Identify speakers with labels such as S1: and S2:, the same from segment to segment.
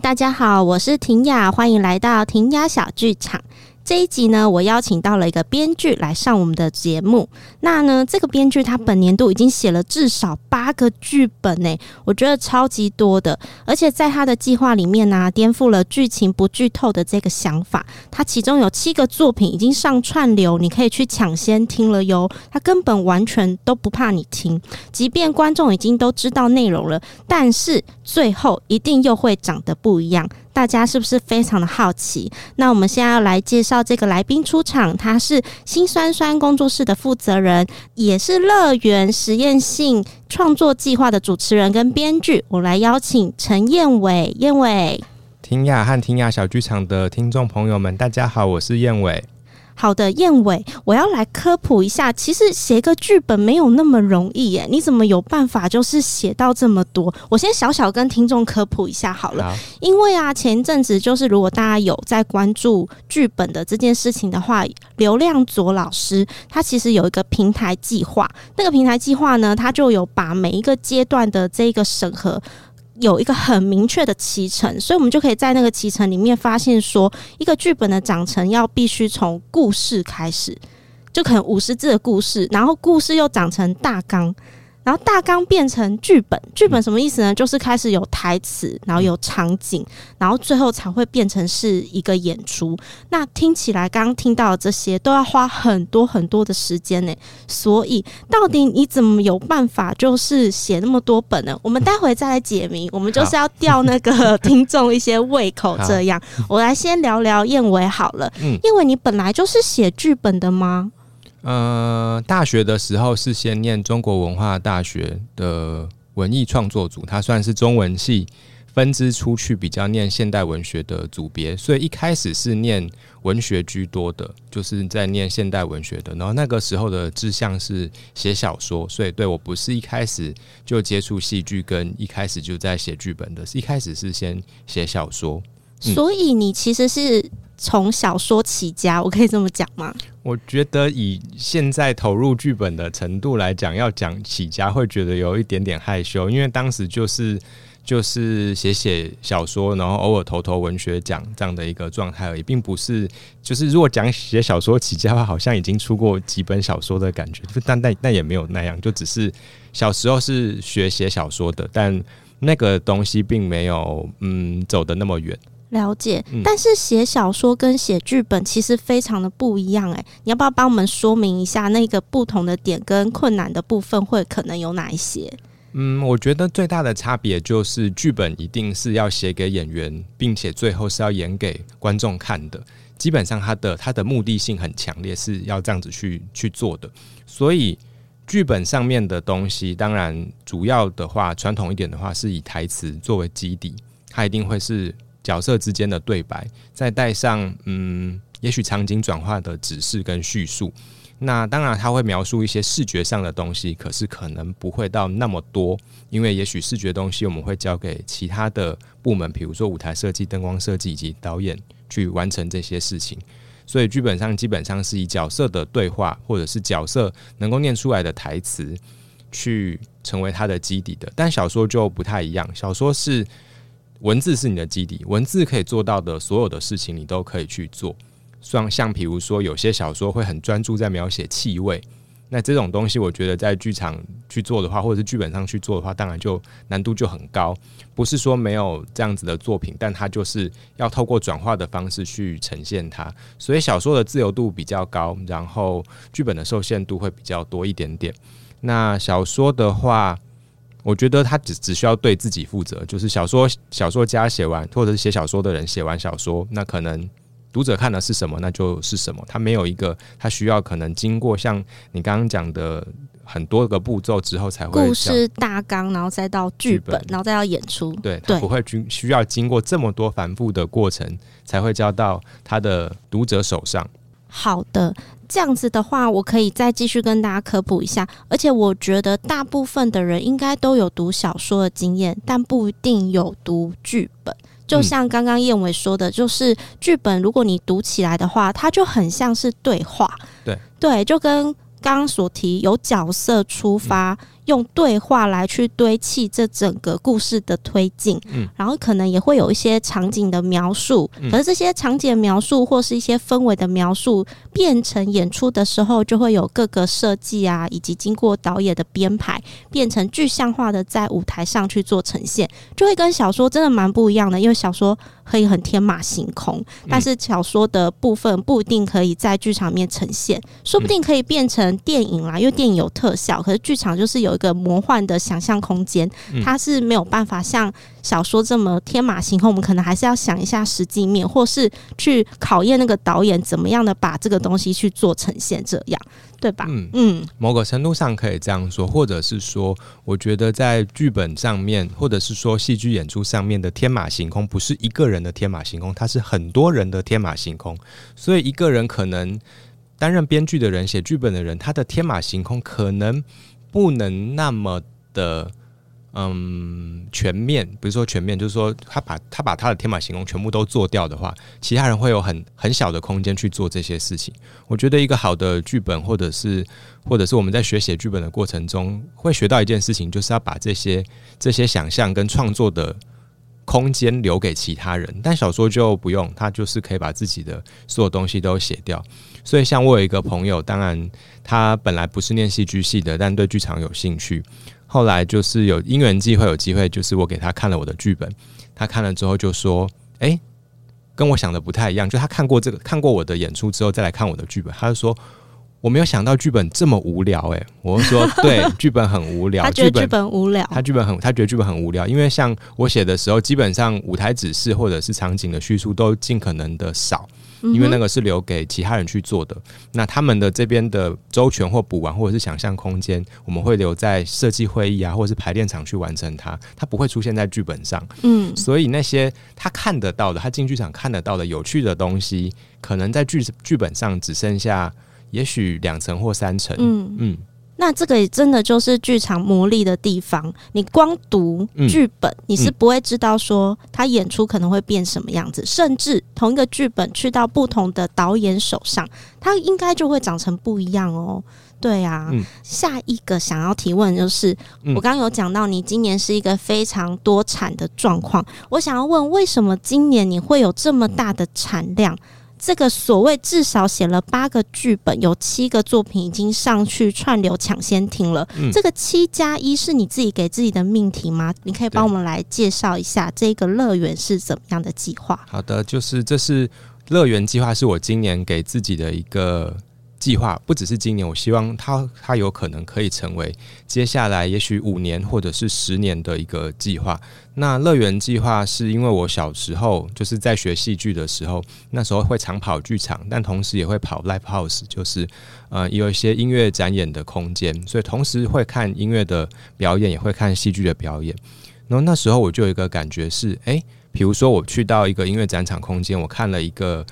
S1: 大家好，我是庭雅，歡迎來到庭雅小聚場。這一集呢，我邀請到了一個編劇來上我們的節目。那呢，這個編劇他本年度已經寫了至少八個劇本呢、欸，我覺得超級多的。而且在他的計劃裡面呢、啊，顛覆了劇情不劇透的這個想法。他其中有七個作品已經上串流，你可以去搶先聽了喲。他根本完全都不怕你聽，即便觀眾已經都知道內容了，但是最後一定又會長得不一樣。大家是不是非常的好奇？那我們現在要來介紹這個來賓出場，他是心酸酸工作室的負責人，也是樂園實驗性創作計劃的主持人跟編劇。我來邀請陳彥瑋，彥瑋，
S2: 庭雅和庭雅小聚場的聽眾朋友們，大家好，我是彥瑋。
S1: 好的，彥瑋，我要來科普一下。其實寫個劇本沒有那麼容易耶，你怎麼有辦法就是寫到這麼多？我先小小跟聽眾科普一下好了。好因為啊，前陣子就是，如果大家有在關注劇本的這件事情的話，劉亮佐老師他其實有一個平台計劃。那個平台計劃呢，他就有把每一個階段的這個審核。有一個很明確的期程，所以我們就可以在那個期程裡面發現說，說一個劇本的長成要必須從故事開始，就可能五十字的故事，然後故事又長成大綱。然後大綱變成劇本，劇本什麼意思呢？就是開始有台詞，然後有場景，然後最後才會變成是一個演出。那聽起來剛剛聽到的這些都要花很多很多的時間呢。所以到底你怎麼有辦法就是寫那麼多本呢？我們待會再來解謎， 我們就是要吊那個聽眾一些胃口。這樣， 好 我來先聊聊彥瑋好了，彥瑋你本來就是寫劇本的嗎？
S2: 呃，大學的時候是先念中國文化大學的文藝創作組，它算是中文系分支出去比較念現代文學的組別，所以一開始是念文學居多的，就是在念現代文學的。然後那個時候的志向是寫小說，所以對我不是一開始就接觸戲劇，跟一開始就在寫劇本的，是一開始是先寫小說，嗯。所
S1: 以你其實是從小說起家，我可以這麼講嗎？
S2: 我覺得以現在投入劇本的程度來講，要講起家會覺得有一點點害羞，因為當時就是就是寫寫小說，然後偶爾投投文學獎這樣的一個狀態而已，並不是就是如果講寫小說起家的話，好像已經出過幾本小說的感覺，但但但也沒有那樣，就只是小時候是學寫小說的，但那個東西並沒有嗯
S1: 走得那麼遠。了解，但是寫小說跟寫劇本其實非常的不一樣哎、欸，你要不要幫我們說明一下那個不同的點跟困難的部分會可能有哪一些？
S2: 嗯，我覺得最大的差別就是劇本一定是要寫給演員，並且最後是要演給觀眾看的，基本上它的它的目的性很強烈，是要這樣子去去做的。所以劇本上面的東西，當然主要的話，傳統一點的話，是以台詞作為基底，它一定會是。角色之間的對白，再帶上嗯，也許場景轉化的指示跟敘述。那當然，他會描述一些視覺上的東西，可是可能不會到那麼多，因為也許視覺東西我們會交給其他的部門，比如說舞台設計、燈光設計以及導演去完成這些事情。所以劇本上基本上是以角色的對話，或者是角色能夠念出來的台詞，去成為他的基底的。但小說就不太一樣，小說是。文字是你的基底，文字可以做到的所有的事情，你都可以去做。像像比如說，有些小說會很專注在描寫氣味，那這種東西，我覺得在劇場去做的話，或者是劇本上去做的話，當然就難度就很高。不是說沒有這樣子的作品，但它就是要透過轉化的方式去呈現它。所以小說的自由度比較高，然後劇本的受限度會比較多一點點。那小說的話。我覺得他只只需要對自己負責，就是小說小說家寫完，或者是寫小說的人寫完小說，那可能讀者看的是什麼，那就是什麼。他沒有一個，他需要可能經過像你剛剛講的很多個步驟之後才會。故事
S1: 大綱，然後再到劇本，劇本，然後再到演出。
S2: 對，他不會經需要經過這麼多繁複的過程，才會交到他的讀者手上。
S1: 好的。這樣子的話，我可以再繼續跟大家科普一下。而且我覺得大部分的人應該都有讀小說的經驗，但不一定有讀劇本。就像剛剛彥瑋說的，就是劇本如果你讀起來的話，它就很像是對話。對對，就跟剛剛所提，有角色出發。嗯用對話來去堆砌這整個故事的推進，嗯，然後可能也會有一些場景的描述，可是這些場景的描述或是一些氛圍的描述，變成演出的時候，就會有各個設計啊，以及經過導演的編排，變成具象化的在舞台上去做呈現，就會跟小說真的蠻不一樣的，因為小說。可以很天馬行空，但是小說的部分不一定可以在劇場裡面呈現，說不定可以變成電影啦，因為電影有特效，可是劇場就是有一個魔幻的想象空間，它是沒有辦法像。小說這麼天馬行空，我們可能還是要想一下實際面，或是去考驗那個導演怎麼樣的把這個東西去做呈現，這樣對吧？嗯嗯，
S2: 某個程度上可以這樣說，或者是說，我覺得在劇本上面，或者是說戲劇演出上面的天馬行空，不是一個人的天馬行空，它是很多人的天馬行空。所以，一個人可能擔任編劇的人、寫劇本的人，他的天馬行空可能不能那麼的。嗯，全面，比如說全面，就是說他把他把他的天馬行空全部都做掉的話，其他人會有很很小的空間去做這些事情。我覺得一個好的劇本，或者是或者是我們在學寫劇本的過程中，會學到一件事情，就是要把這些這些想象跟創作的空間留給其他人。但小說就不用，他就是可以把自己的所有的東西都寫掉。所以，像我有一個朋友，當然他本來不是念戲劇系的，但對劇場有興趣。後來就是有因緣際會有機會，就是我給他看了我的劇本，他看了之後就說：“哎、欸，跟我想的不太一樣。”就他看過這個看過我的演出之後再來看我的劇本，他就說：“我沒有想到劇本這麼無聊。”誒，我說：“對，劇本很無聊。” 劇本、劇本、他劇本無聊，他劇本很他覺得劇本很無聊，因為像我寫的時候，基本上舞台指示或者是場景的敘述都盡可能的少。因為那個是留給其他人去做的，那他們的這邊的周全或補完，或者是想象空間，我們會留在設計會議啊，或者是排練場去完成它，它不會出現在劇本上。嗯，所以那些他看得到的，他進劇場看得到的有趣的東西，可能在劇劇本上只剩下也許兩層或三層。嗯嗯。
S1: 那這個也真的就是劇場魔力的地方。你光讀劇本，嗯，你是不會知道說他演出可能會變什麼樣子。嗯、甚至同一個劇本去到不同的導演手上，它應該就會長成不一樣哦。對啊，嗯、下一個想要提問就是，嗯、我剛剛有講到你今年是一個非常多產的狀況，我想要問為什麼今年你會有這麼大的產量？這個所謂至少寫了八個劇本，有七個作品已經上去串流搶先聽了。嗯。這個七加一是你自己給自己的命題嗎？你可以幫我們來介紹一下這個樂園是怎麼樣的計劃？
S2: 好的，就是這是樂園計劃，是我今年給自己的一個。計劃不只是今年，我希望它它有可能可以成為接下來也許五年或者是十年的一個計劃。那樂園計劃是因為我小時候就是在學戲劇的時候，那時候會常跑劇場，但同時也會跑 live house，就是呃有一些音樂展演的空間，所以同時會看音樂的表演，也會看戲劇的表演。然後那時候我就有一個感覺是，誒、欸，比如說我去到一個音樂展場空間，我看了一個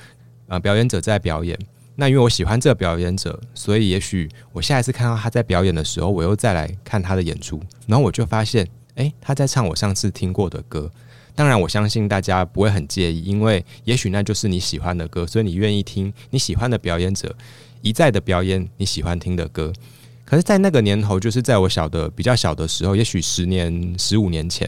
S2: 呃表演者在表演。那因為我喜歡這個表演者，所以也許我下一次看到他在表演的時候，我又再來看他的演出，然後我就發現，誒、欸，他在唱我上次聽過的歌。當然，我相信大家不會很介意，因為也許那就是你喜歡的歌，所以你願意聽你喜歡的表演者一再的表演你喜歡聽的歌。可是，在那個年頭，就是在我小的比較小的時候，也許十年、十五年前，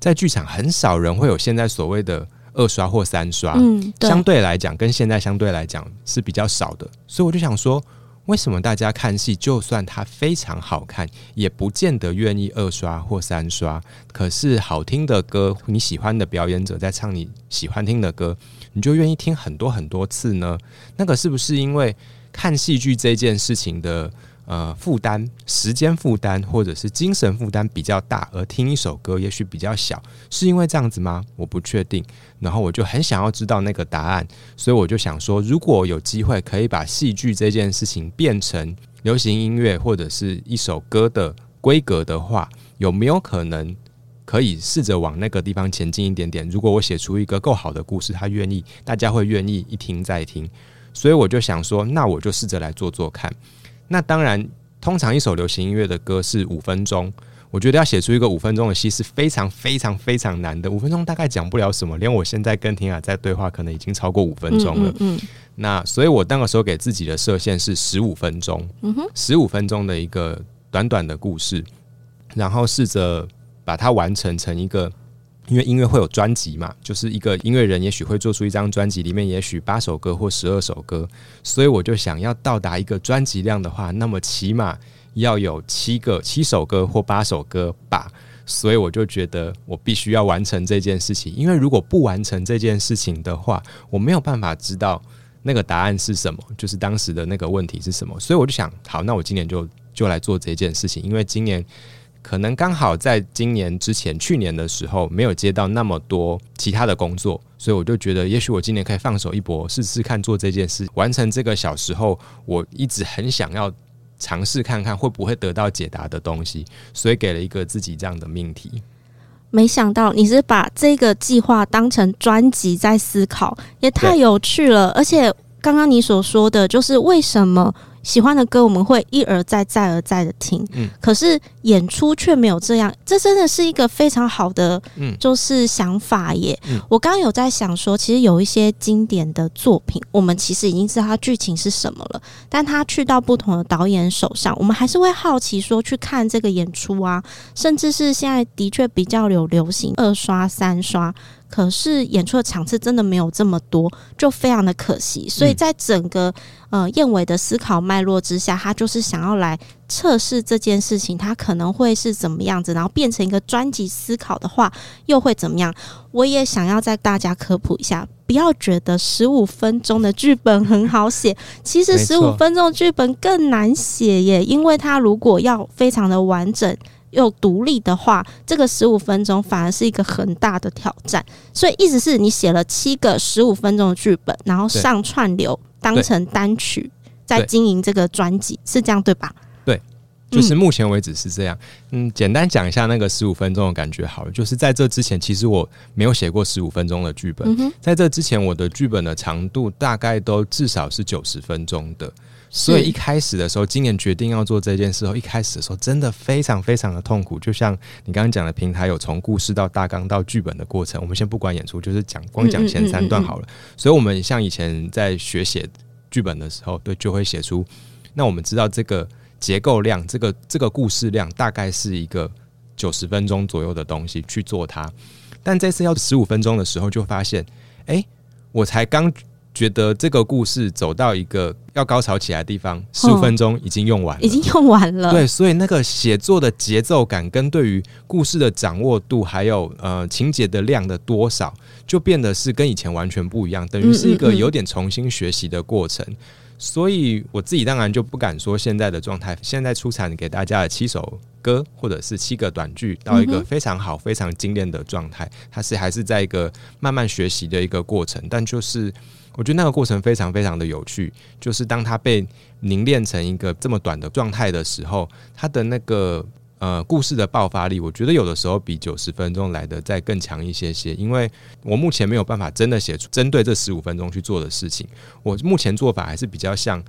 S2: 在劇場很少人會有現在所謂的。二刷或三刷，嗯，相對來講，跟現在相對來講是比較少的，所以我就想說，為什麼大家看戲，就算它非常好看，也不見得願意二刷或三刷？可是好聽的歌，你喜歡的表演者在唱你喜歡聽的歌，你就願意聽很多很多次呢？那個是不是因為看戲劇這件事情的？呃，負擔、時間負擔，或者是精神負擔比較大，而聽一首歌也許比較小，是因為這樣子嗎？我不確定。然後我就很想要知道那個答案，所以我就想說，如果有機會可以把戲劇這件事情變成流行音樂，或者是一首歌的規格的話，有沒有可能可以試着往那個地方前進一點點？如果我寫出一個夠好的故事，他願意，大家會願意一聽再聽。所以我就想說，那我就試着來做做看。那當然，通常一首流行音樂的歌是五分鐘。我覺得要寫出一個五分鐘的戲是非常非常非常難的。五分鐘大概講不了什麼，連我現在跟庭雅在對話，可能已經超過五分鐘了，嗯嗯嗯。那所以我那個時候給自己的設限是十五分鐘，十五分鐘的一個短短的故事，然後試着把它完成成一個。因為音樂會有專輯嘛，就是一個音樂人也許會做出一張專輯，裡面也許八首歌或十二首歌，所以我就想要到達一個專輯量的話，那麼起碼要有七個七首歌或八首歌吧，所以我就覺得我必須要完成這件事情，因為如果不完成這件事情的話，我沒有辦法知道那個答案是什麼，就是當時的那個問題是什麼，所以我就想，好，那我今年就就來做這一件事情，因為今年。可能剛好在今年之前，去年的時候，沒有接到那麼多其他的工作，所以我就覺得，也許我今年可以放手一搏，試試看做這件事，完成這個小時候我一直很想要嘗試看看會不會得到解答的東西，所以給了一個自己這樣的命題。
S1: 沒想到你是把這個計劃當成專輯在思考，也太有趣了！而且剛剛你所說的就是為什麼。喜歡的歌，我們會一而再、再而再的聽。嗯。可是演出卻沒有這樣，這真的是一個非常好的，就是想法耶。嗯嗯。我剛剛有在想說，其實有一些經典的作品，我們其實已經知道他劇情是什麼了，但他去到不同的導演手上，我們還是會好奇說去看這個演出啊，甚至是現在的確比較有流行二刷、三刷。可是演出的場次真的沒有這麼多，就非常的可惜。所以在整個、嗯、呃彥瑋的思考脈絡之下，他就是想要來測試這件事情，他可能會是怎麼樣子，然後變成一個專輯思考的話，又會怎麼樣？我也想要在大家科普一下，不要覺得十五分鐘的劇本很好寫， 其實十五分鐘劇本更難寫耶，因為它如果要非常的完整。又獨立的話，這個十五分鐘反而是一個很大的挑戰。所以，意思是你寫了七個十五分鐘的劇本，然後上串流當成單曲，在經營這個專輯，是這樣對吧？
S2: 對，就是目前為止是這樣。嗯，嗯，簡單講一下那個十五分鐘的感覺好了。就是在這之前，其實我沒有寫過十五分鐘的劇本，嗯。在這之前，我的劇本的長度大概都至少是九十分鐘的。所以一開始的時候，今年決定要做這件事後，一開始的時候真的非常非常的痛苦。就像你剛剛講的，平台有從故事到大綱到劇本的過程。我們先不管演出，就是講光講前三段好了。嗯嗯嗯嗯嗯。所以，我們像以前在學寫劇本的時候，對就會寫出。那我們知道這個結構量，這個這個故事量大概是一個九十分鐘左右的東西去做它。但這次要十五分鐘的時候，就發現，哎、欸，我才剛。覺得這個故事走到一個要高潮起來的地方，哦，十五分鐘已經用完了，已經
S1: 用完了。對，
S2: 所以那個寫作的節奏感跟對於故事的掌握度，還有呃情節的量的多少，就變得是跟以前完全不一樣，等於是一個有點重新學習的過程，嗯嗯嗯。所以我自己當然就不敢說現在的狀態，現在出產給大家的七首歌或者是七個短句到一個非常好非常精煉的狀態，它是還是在一個慢慢學習的一個過程，但就是我覺得那個過程非常非常的有趣。就是當它被凝練成一個這麼短的狀態的時候，它的那個呃故事的爆發力，我覺得有的時候比九十分鐘來的再更強一些些。因為我目前沒有辦法真的寫出針對這十五分鐘去做的事情，我目前做法還是比較像，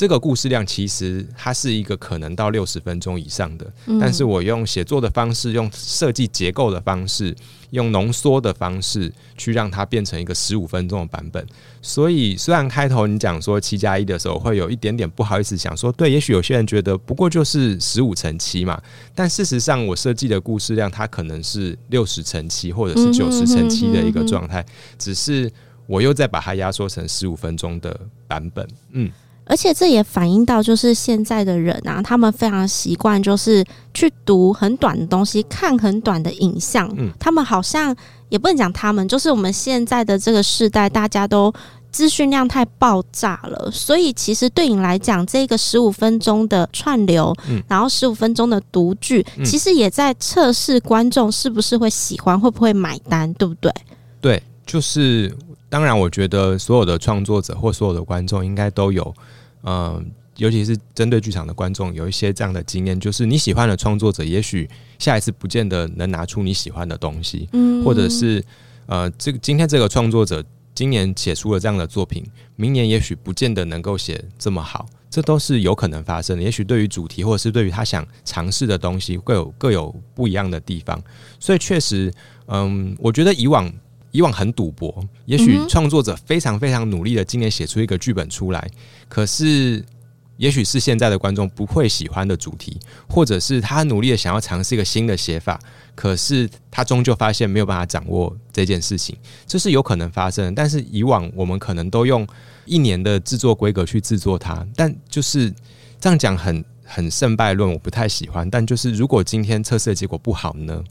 S2: 這個故事量其實它是一個可能到六十分鐘以上的，嗯，但是我用寫作的方式、用設計結構的方式、用濃縮的方式去讓它變成一個十五分鐘的版本。所以雖然開頭你講說七加一的時候會有一點點不好意思，想說對，也許有些人覺得不過就是十五乘七嘛，但事實上我設計的故事量它可能是六十乘七或者是九十乘七的一個狀態，嗯哼哼哼哼，只是我又再把它壓縮成十五分鐘的版本，嗯。
S1: 而且這也反映到就是現在的人啊，他們非常習慣就是去讀很短的東西，看很短的影像。嗯，他們好像也不能講他們，就是我們現在的這個時代，大家都資訊量太爆炸了。所以其實對你來講，這個十五分鐘的串流，嗯，然後十五分鐘的讀劇，嗯，其實也在測試觀眾是不是會喜歡，會不會買單，對不對？
S2: 對，就是當然，我覺得所有的創作者或所有的觀眾應該都有。嗯、呃，尤其是針對劇場的觀眾，有一些這樣的經驗，就是你喜歡的創作者，也許下一次不見得能拿出你喜歡的東西，嗯、或者是呃，這個今天這個創作者今年寫出了這樣的作品，明年也許不見得能夠寫這麼好，這都是有可能發生的。也許對於主題，或者是對於他想嘗試的東西，各有各有不一樣的地方。所以確實，嗯，我覺得以往。以往很賭博，也許創作者非常非常努力的今年寫出一個劇本出來，可是也許是現在的觀眾不會喜歡的主題，或者是他努力的想要嘗試一個新的寫法，可是他終究發現沒有辦法掌握這件事情，這是有可能發生的。但是以往我們可能都用一年的制作規格去制作它，但就是這樣講很很勝敗論，我不太喜歡。但就是如果今天測試的結果不好呢？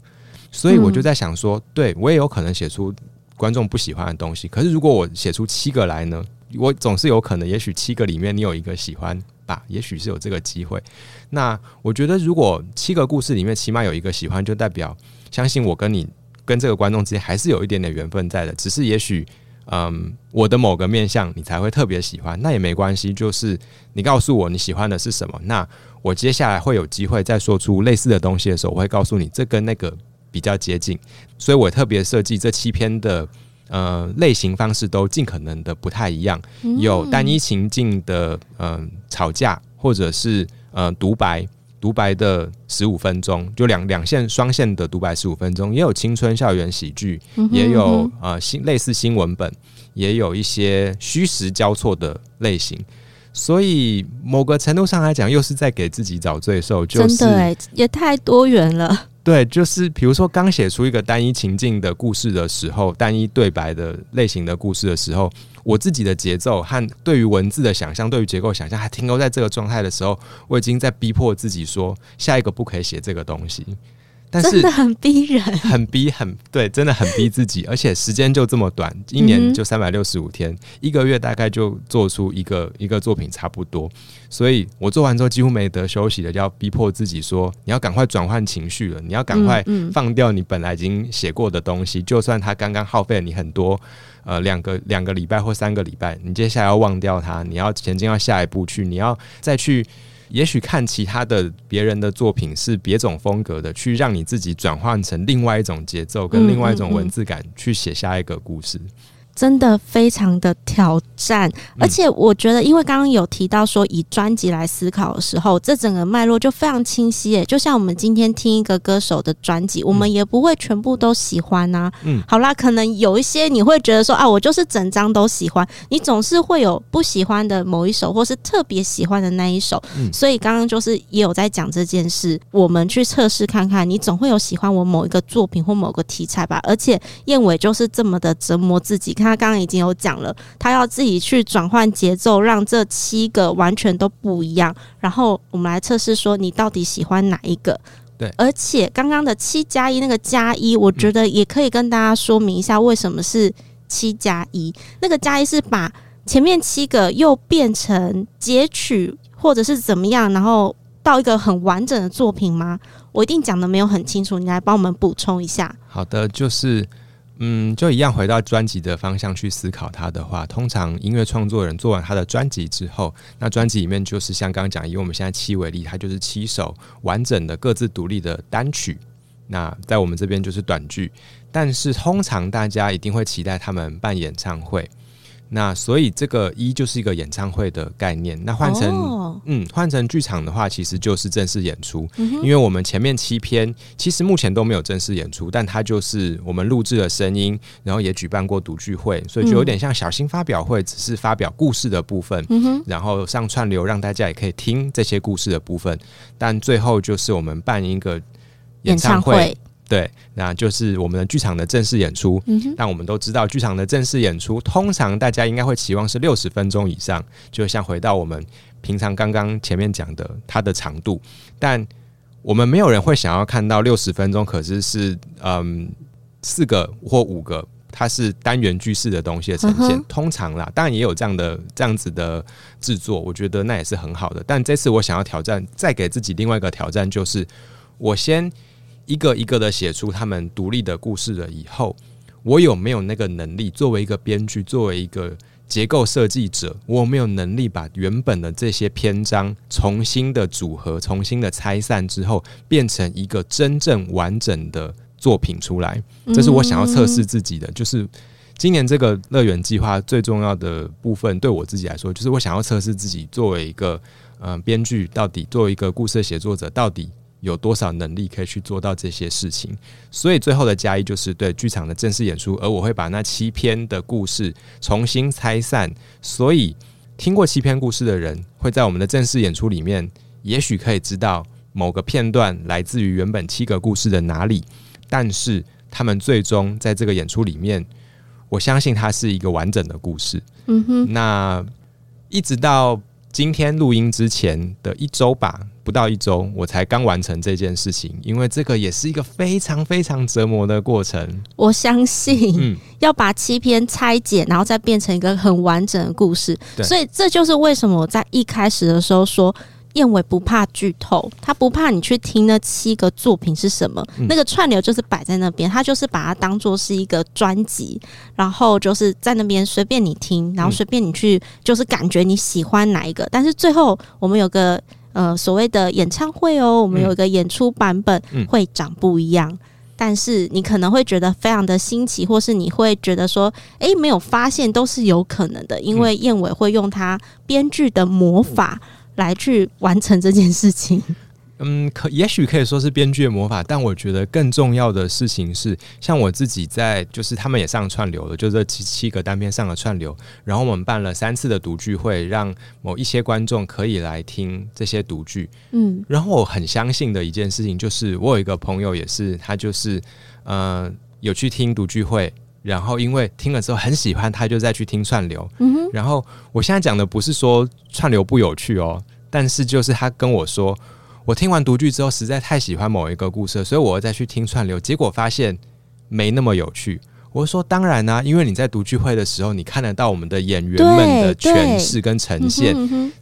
S2: 所以我就在想說，對我也有可能寫出觀眾不喜歡的東西。可是如果我寫出七個來呢，我總是有可能，也許七個裡面你有一個喜歡吧，也許是有這個機會。那我覺得，如果七個故事裡面起碼有一個喜歡，就代表相信我跟你跟這個觀眾之間還是有一點點緣分在的。只是也許，嗯，我的某個面相你才會特別喜歡，那也沒關係。就是你告訴我你喜歡的是什麼，那我接下來會有機會再說出類似的東西的時候，我會告訴你這跟那個。比較接近，所以我特別設計這七篇的呃類型方式都盡可能的不太一樣，有單一情境的嗯、呃、吵架，或者是呃獨白，獨白的十五分鐘，就兩兩線雙線的獨白十五分鐘，也有青春校園喜劇，嗯，也有呃新類似新文本，也有一些虛實交錯的類型，所以某個程度上來講，又是在給自己找罪受，就是，真的，欸、
S1: 也太多元了。
S2: 對，就是比如說，剛寫出一個單一情境的故事的時候，單一對白的類型的故事的時候，我自己的節奏和對於文字的想象，對於結構想象還停留在這個狀態的時候，我已經在逼迫自己說，下一個不可以寫這個東西。
S1: 但是很逼人，很
S2: 逼，很對，真的很逼自己，而且時間就這麼短，一年就三百六十五天，一個月大概就做出一個一個作品差不多，所以我做完之後幾乎沒得休息的，就要逼迫自己說，你要趕快轉換情緒了，你要趕快放掉你本來已經寫過的東西，就算它剛剛耗費了你很多，呃，兩個兩個禮拜或三個禮拜，你接下來要忘掉它，你要前進到下一步去，你要再去。也許看其他的別人的作品是別種風格的，去讓你自己轉換成另外一種節奏跟另外一種文字感，去寫下一個故事。
S1: 真的非常的挑戰，而且我覺得，因為剛剛有提到說以專輯來思考的時候，這整個脈絡就非常清晰耶。就像我們今天聽一個歌手的專輯，我們也不會全部都喜歡吶。嗯，好啦，可能有一些你會覺得說啊，我就是整張都喜歡，你總是會有不喜歡的某一首，或是特別喜歡的那一首。嗯，所以剛剛就是也有在講這件事，我們去測試看看，你總會有喜歡我某一個作品或某個題材吧。而且彥瑋就是這麼的折磨自己看。他剛剛已經有講了，他要自己去轉換節奏，讓這七個完全都不一樣。然後我們來測試說，你到底喜歡哪一個？對。而且剛剛的七加一，那個加一，我覺得也可以跟大家說明一下，為什麼是七加一？那個加一是把前面七個又變成截取或者是怎麼樣，然後到一個很完整的作品嗎？我一定講的沒有很清楚，你來幫我們補充一下。
S2: 好的，就是。嗯，就一樣回到專輯的方向去思考它的話，通常音樂創作人做完他的專輯之後，那專輯裡面就是像剛剛講，以我們現在七為例，它就是七首完整的各自獨立的單曲，那在我們這邊就是短劇，但是通常大家一定會期待他們辦演唱會。那所以這個一就是一個演唱會的概念，那換成、哦、嗯換成劇場的話，其實就是正式演出。嗯、因為我們前面七篇其實目前都沒有正式演出，但它就是我們錄制了聲音，然後也舉辦過讀劇會，所以就有點像小型發表會，嗯、只是發表故事的部分、嗯。然後上串流讓大家也可以聽這些故事的部分，但最後就是我們辦一個演唱會。對，那就是我們的劇場的正式演出。嗯、哼但我們都知道，劇場的正式演出通常大家應該會期望是六十分鐘以上，就像回到我們平常剛剛前面講的它的長度。但我們沒有人會想要看到六十分鐘，可是是嗯呃、四個或五個，它是單元劇式的東西的呈現呵呵。通常啦，當然也有這樣的這樣子的制作，我覺得那也是很好的。但這次我想要挑戰，再給自己另外一個挑戰，就是我先。一個一個的寫出他們獨立的故事了以後，我有沒有那個能力？作為一個編劇，作為一個結構設計者，我有沒有能力把原本的這些篇章重新的組合、重新的拆散之後，變成一個真正完整的作品出來。這是我想要測試自己的，嗯。就是今年這個樂園計劃最重要的部分，對我自己來說，就是我想要測試自己作為一個嗯編劇到底，作為一個故事寫作者到底。有多少能力可以去做到這些事情？所以最後的加一就是對劇場的正式演出，而我會把那七篇的故事重新拆散。所以聽過七篇故事的人，會在我們的正式演出裡面，也許可以知道某個片段來自於原本七個故事的哪裡。但是他們最終在這個演出裡面，我相信它是一個完整的故事。嗯哼。那一直到今天錄音之前的一周吧。不到一週，我才剛完成這件事情，因為這個也是一個非常非常折磨的過程。
S1: 我相信，嗯，要把七篇拆解，然後再變成一個很完整的故事。所以這就是為什麼我在一開始的時候說彥瑋不怕劇透，他不怕你去聽那七個作品是什麼，嗯，那個串流就是擺在那邊，他就是把它當做是一個專輯，然後就是在那邊隨便你聽，然後隨便你去，嗯，就是感覺你喜歡哪一個。但是最後我們有個。呃，所謂的演唱會哦，我們有一個演出版本會長不一樣，但是你可能會覺得非常的新奇，或是你會覺得說，哎、欸，沒有發現都是有可能的，因為彥瑋會用他編劇的魔法來去完成這件事情。
S2: 嗯，可也許可以說是編劇的魔法，但我覺得更重要的事情是，像我自己在，就是他們也上串流了，就這七七個單片上的串流，然後我們辦了三次的讀劇會，讓某一些觀眾可以來聽這些讀劇。
S1: 嗯，
S2: 然後我很相信的一件事情就是，我有一個朋友也是，他就是呃有去聽讀劇會，然後因為聽了之後很喜歡，他就再去聽串流。嗯哼，然後我現在講的不是說串流不有趣哦，但是就是他跟我說。我聽完讀劇之後實在太喜歡某一個故事了，所以我再去聽串流，結果發現沒那麼有趣。我說當然啊，因為你在讀劇會的時候，你看得到我們的演員們的詮釋跟呈現。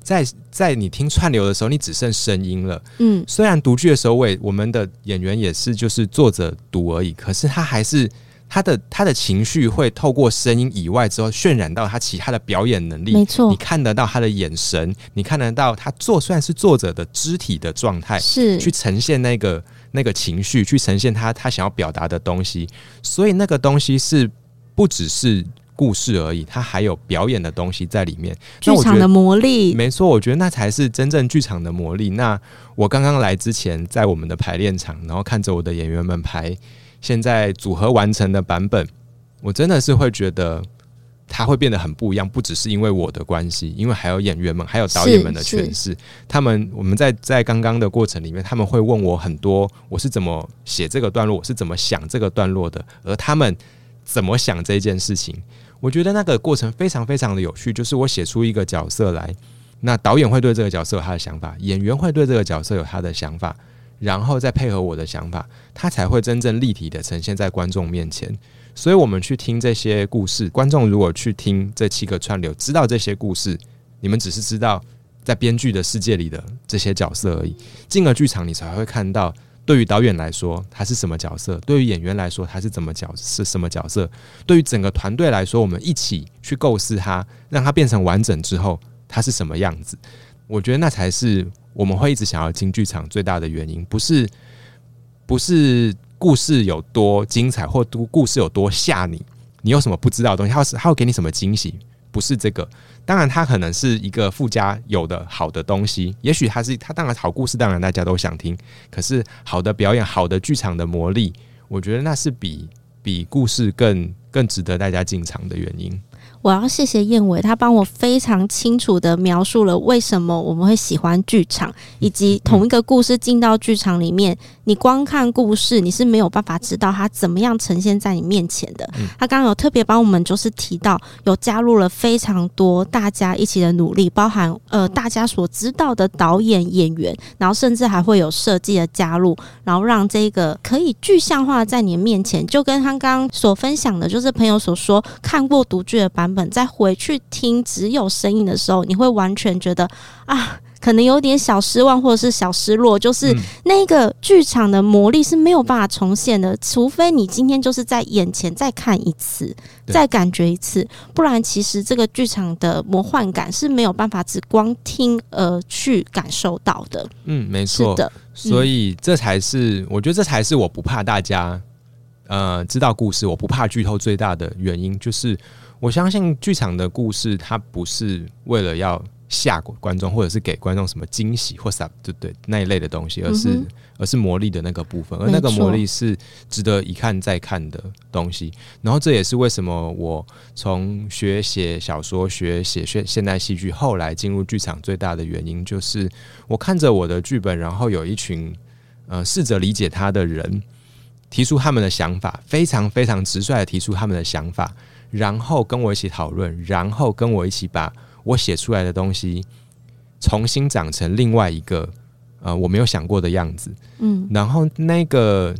S2: 在在你聽串流的時候，你只剩聲音了。嗯，雖然讀劇的時候，我也我們的演員也是就是坐着讀而已，可是他還是。他的他的情緒會透過聲音以外之後渲染到他其他的表演能力，沒錯。你看得到他的眼神，你看得到他做算是作者的肢體的狀態，是去呈現那個那個情緒，去呈現他他想要表達的東西。所以那個東西是不只是故事而已，他還有表演的東西在裡面。那我覺得，劇場的魔力，沒錯，我覺得那才是真正劇場的魔力。那我剛剛來之前，在我們的排練場，然後看着我的演員們排。現在組合完成的版本，我真的是會覺得它會變得很不一樣，不只是因為我的關係，因為還有演員們、還有導演們的詮釋。他們我們在在剛剛的過程裡面，他們會問我很多，我是怎麼寫這個段落，我是怎麼想這個段落的，而他們怎麼想這件事情，我覺得那個過程非常非常的有趣。就是我寫出一個角色來，那導演會對這個角色有他的想法，演員會對這個角色有他的想法。然後再配合我的想法，他才會真正立體地呈現在觀眾面前。所以我們去聽這些故事，觀眾如果去聽這七個串流，知道這些故事，你們只是知道在編劇的世界裡的這些角色而已。進了劇場，你才會看到，對於導演來說，他是什麼角色；對於演員來說，他是怎麼角是什麼角色；對於整個團隊來說，我們一起去構思它，讓它變成完整之後，它是什麼樣子。我覺得那才是。我們會一直想要進劇場，最大的原因不是不是故事有多精彩，或故故事有多嚇你，你有什麼不知道的東西，它是他會給你什麼驚喜？不是這個。當然，它可能是一個附加有的好的東西。也許它是他。當然好故事，當然大家都想聽。可是好的表演、好的劇場的魔力，我覺得那是比比故事更更值得大家進場的原
S1: 因。我要謝謝彥瑋，他幫我非常清楚地描述了為什麼我們會喜歡劇場，以及同一個故事進到劇場裡面。嗯你光看故事，你是沒有辦法知道它怎麼樣呈現在你面前的。嗯。他剛剛有特別幫我們，就是提到有加入了非常多大家一起的努力，包含呃大家所知道的導演、演員，然後甚至還會有設計的加入，然後讓這個可以具象化在你的面前。就跟他剛剛所分享的，就是朋友所說，看過讀劇的版本，再回去聽只有聲音的時候，你會完全覺得啊。可能有點小失望，或者是小失落，就是那個劇場的魔力是沒有辦法重現的，嗯、除非你今天就是在眼前再看一次，再感覺一次，不然其實這個劇場的魔幻感是沒有辦法只光聽而去感受到的。
S2: 嗯，沒錯的，嗯、所以這才是我覺得這才是我不怕大家呃知道故事，我不怕劇透最大的原因，就是我相信劇場的故事它不是為了要。嚇過觀眾，或者是給觀眾什麼驚喜或啥，對對那一類的東西，而是、嗯、而是魔力的那個部分，而那個魔力是值得一看再看的東西。然後這也是為什麼我從學寫小說、學寫現現代戲劇，後來進入劇場最大的原因，就是我看着我的劇本，然後有一群呃試着理解他的人提出他們的想法，非常非常直率地提出他們的想法，然後跟我一起討論，然後跟我一起把。我寫出來的東西重新長成另外一個呃，我沒有想過的樣子。嗯，然後那個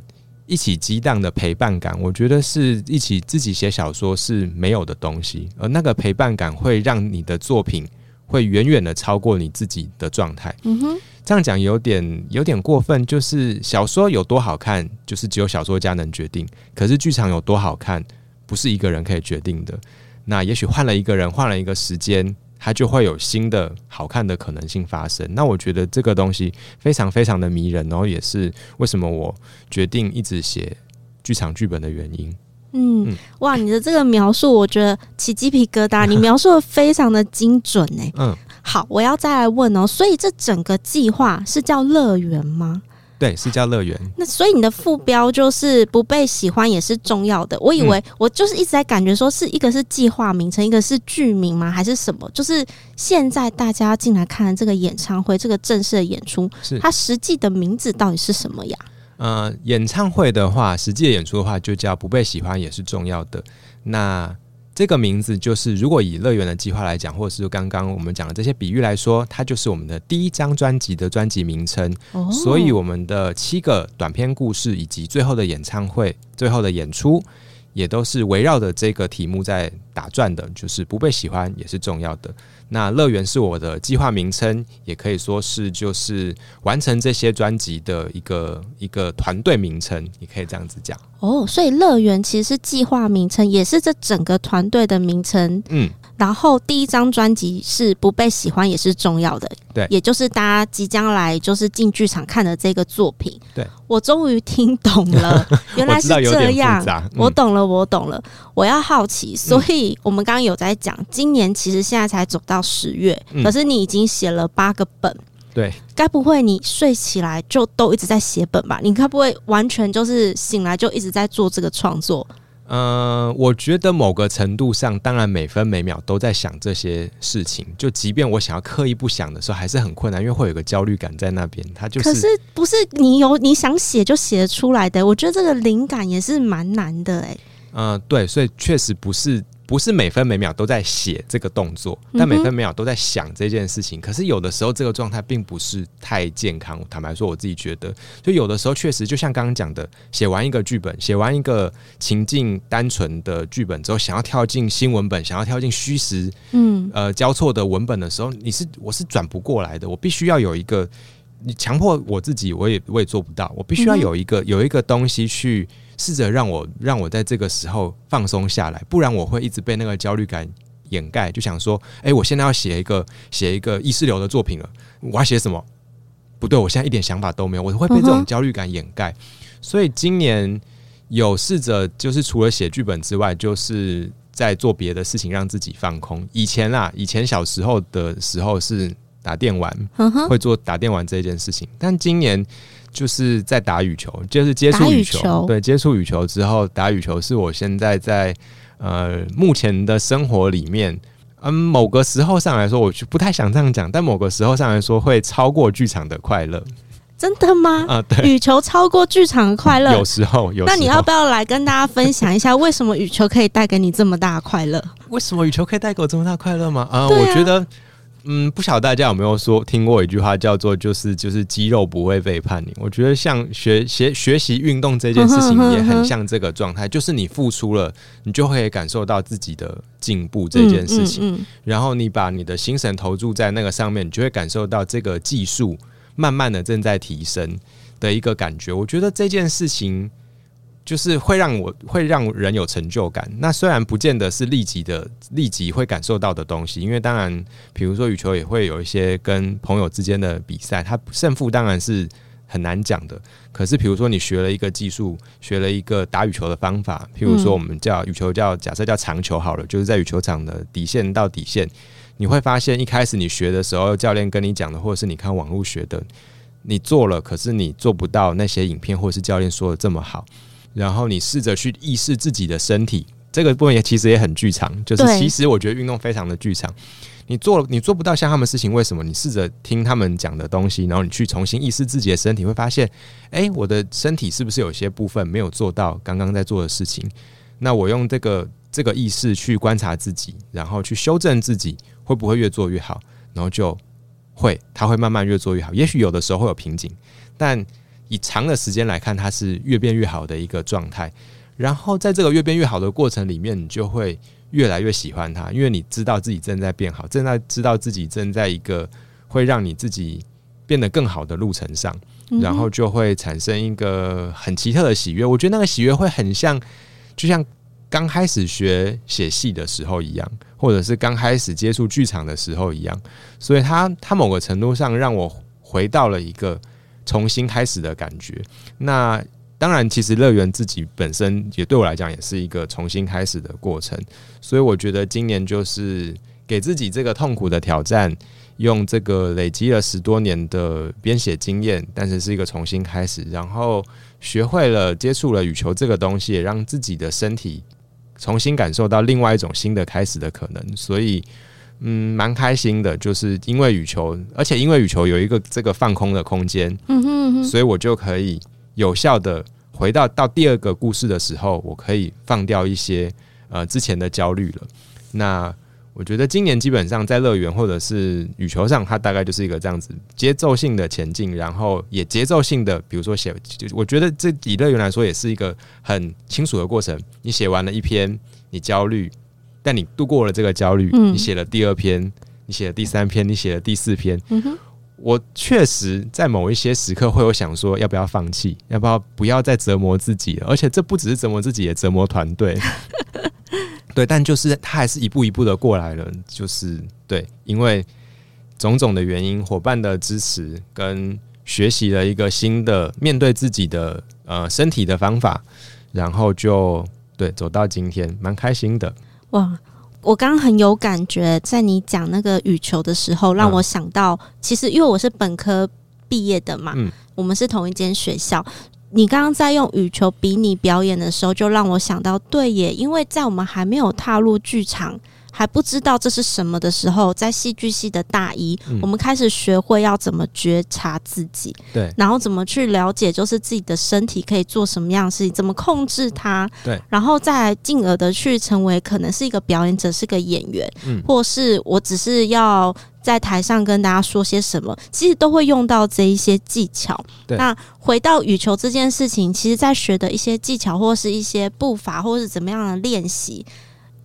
S2: 一起激盪的陪伴感，我覺得是一起自己寫小說是沒有的東西，而那個陪伴感會讓你的作品會遠遠的超過你自己的狀態。嗯哼，這樣講有點有點過分，就是小說有多好看，就是只有小說家能決定；可是劇場有多好看，不是一個人可以決定的。那也許換了一個人，換了一個時間。它就會有新的好看的可能性發生。那我覺得這個東西非常非常的迷人，哦，然後也是為什麼我決定一直寫劇場劇本的原因嗯。
S1: 嗯，哇，你的這個描述，我覺得起雞皮疙瘩。 你描述的非常的精準呢。嗯，好，我要再來問哦。所以這整個計劃是叫樂園嗎？
S2: 對，是叫樂園。
S1: 啊，那所以你的副標就是不被喜歡也是重要的。我以為我就是一直在感覺說是一個是計劃名稱，一個是劇名嗎？還是什麼？就是現在大家進來看這個演唱會，這個正式的演出，它實際的名字到底是什麼呀？
S2: 呃，演唱會的話，實際的演出的話，就叫不被喜歡也是重要的。那。這個名字就是，如果以樂園的計劃來講，或是剛剛我們講的這些比喻來說，它就是我們的第一張專輯的專輯名稱。Oh. 所以，我們的七個短篇故事以及最後的演唱會、最後的演出，也都是圍繞著這個題目在打轉的。就是不被喜歡也是重要的。那樂園是我的計劃名稱，也可以說是就是完成這些專輯的一個一個團隊名稱，也可以這樣子講。
S1: 哦，所以樂園其實是計劃名稱，也是這整個團隊的名稱。嗯。然後第一張專輯是不被喜歡也是重要的，對，也就是大家即將來就是進劇場看的這個作品。對，我終於聽懂了， 原來是這樣我，嗯，我懂了，我懂了，我要好奇。所以我們剛剛有在講，嗯，今年其實現在才走到十月，嗯，可是你已經寫了八個本，
S2: 對，
S1: 該不會你睡起來就都一直在寫本吧？你該不會完全就是醒來就一直在做這個創作？
S2: 嗯、呃，我覺得某個程度上，當然每分每秒都在想這些事情，就即便我想要刻意不想的時候，還是很困難，因為會有個焦慮感在那邊。他就是，可是
S1: 不是你有你想寫就寫出來的？我覺得這個靈感也是蠻難的，
S2: 誒，嗯，對，所以確實不是。不是每分每秒都在寫這個動作、嗯，但每分每秒都在想這件事情。可是有的時候這個狀態並不是太健康。坦白說，我自己覺得，就有的時候確實就像剛剛講的，寫完一個劇本，寫完一個情境單純的劇本之後，想要跳進新文本，想要跳進虛實嗯呃交錯的文本的時候，嗯、你是我是轉不過來的。我必須要有一個，你強迫我自己，我也我也做不到。我必須要有一個、嗯、有一個東西去。試着讓我讓我在這個時候放鬆下來，不然我會一直被那個焦慮感掩蓋。就想說，哎、欸，我現在要寫一個寫一個意識流的作品了，我要寫什麼？不對，我現在一點想法都沒有，我會被這種焦慮感掩蓋。Uh-huh. 所以今年有試着，就是除了寫劇本之外，就是在做別的事情讓自己放空。以前啦，以前小時候的時候是。打電玩、嗯，會做打電玩這一件事情，但今年就是在打羽球，就是接觸羽，羽球，對，接觸羽球之後，打羽球是我現在在呃目前的生活裡面，嗯，某個時候上來說，我就不太想這樣講，但某個時候上來說，會超過劇場的快樂，
S1: 真的嗎？啊，對，羽球超過劇場的快樂，有
S2: 時候有時候。那你
S1: 要不要來跟大家分享一下，為什麼羽球可以帶給你這麼大快樂？ 為什麼羽
S2: 球可以帶給我這麼大快樂嗎？啊，啊，我覺得。嗯，不曉得大家有沒有說聽過一句話，叫做“就是就是肌肉不會背叛你”。我覺得像學學學習運動這件事情，也很像這個狀態，就是你付出了，你就會感受到自己的進步這件事情嗯嗯嗯。然後你把你的精神投注在那個上面，你就會感受到這個技術慢慢的正在提升的一個感覺。我覺得這件事情。就是會讓我會讓人有成就感。那雖然不見得是立即的，立即會感受到的東西，因為當然，比如說羽球也會有一些跟朋友之間的比賽，它勝負當然是很難講的。可是，比如說你學了一個技術，學了一個打羽球的方法，譬如說我們叫羽球叫假設叫長球好了，就是在羽球場的底線到底線，你會發現一開始你學的時候，教練跟你講的，或者是你看網路學的，你做了，可是你做不到那些影片或者是教練說的這麼好。然後你試着去意識自己的身體，這個部分也其實也很劇場。就是其實我覺得運動非常的劇場。你做你做不到像他們事情，為什麼？你試着聽他們講的東西，然後你去重新意識自己的身體，會發現，哎，我的身體是不是有些部分沒有做到剛剛在做的事情？那我用這個這個意識去觀察自己，然後去修正自己，會不會越做越好？然後就會，它會慢慢越做越好。也許有的時候會有瓶頸，但。以長的時間來看，它是越變越好的一個狀態。然後在這個越變越好的過程裡面，你就會越來越喜歡它，因為你知道自己正在變好，正在知道自己正在一個會讓你自己變得更好的路程上，然後就會產生一個很奇特的喜悅。我覺得那個喜悅會很像，就像剛開始學寫戲的時候一樣，或者是剛開始接觸劇場的時候一樣。所以他，它它某個程度上讓我回到了一個。重新開始的感覺，那當然，其實樂園自己本身也對我來講也是一個重新開始的過程，所以我覺得今年就是給自己這個痛苦的挑戰，用這個累積了十多年的編寫經驗，但是是一個重新開始，然後學會了接觸了羽球這個東西，也讓自己的身體重新感受到另外一種新的開始的可能，所以。嗯，蠻開心的，就是因為羽球，而且因為羽球有一個這個放空的空間，
S1: 嗯嗯，所
S2: 以我就可以有效的回到到第二個故事的時候，我可以放掉一些呃之前的焦慮了。那我覺得今年基本上在樂園或者是羽球上，它大概就是一個這樣子節奏性的前進，然後也節奏性的，比如說寫，就我覺得這以樂園來說，也是一個很清楚的過程。你寫完了一篇，你焦慮。但你度過了這個焦慮、嗯，你寫了第二篇，你寫了第三篇，你寫了第四篇。嗯、我確實在某一些時刻會有想說，要不要放棄，要不要不要再折磨自己了。而且這不只是折磨自己，也折磨團隊。 對，但就是他還是一步一步的過來了。就是對，因為種種的原因，夥伴的支持，跟學習了一個新的面對自己的呃身體的方法，然後就對走到今天，蠻開心的。
S1: 哇，我剛剛很有感覺，在你講那個羽球的時候，讓我想到，嗯、其實因為我是本科畢業的嘛、嗯，我們是同一間學校。你剛剛在用羽球比擬表演的時候，就讓我想到，對耶，因為在我們還沒有踏入劇場。還不知道這是什麼的時候，在戲劇系的大一、嗯，我們開始學會要怎麼覺察自己，對，然後怎麼去了解，就是自己的身體可以做什麼樣的事情，怎麼控制它，對，然後再進而的去成為可能是一個表演者，是個演員、嗯，或是我只是要在台上跟大家說些什麼，其實都會用到這一些技巧。對，那回到羽球這件事情，其實，在學的一些技巧，或是一些步伐，或是怎麼樣的練習。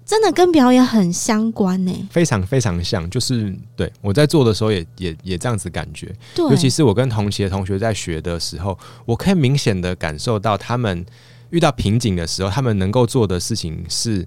S1: 真的跟表演很相關呢？欸，
S2: 非常非常像。就是對，我在做的時候也，也也也這樣子感覺。對，尤其是我跟同期的同學在學的時候，我可以明顯的感受到他們遇到瓶頸的時候，他們能夠做的事情是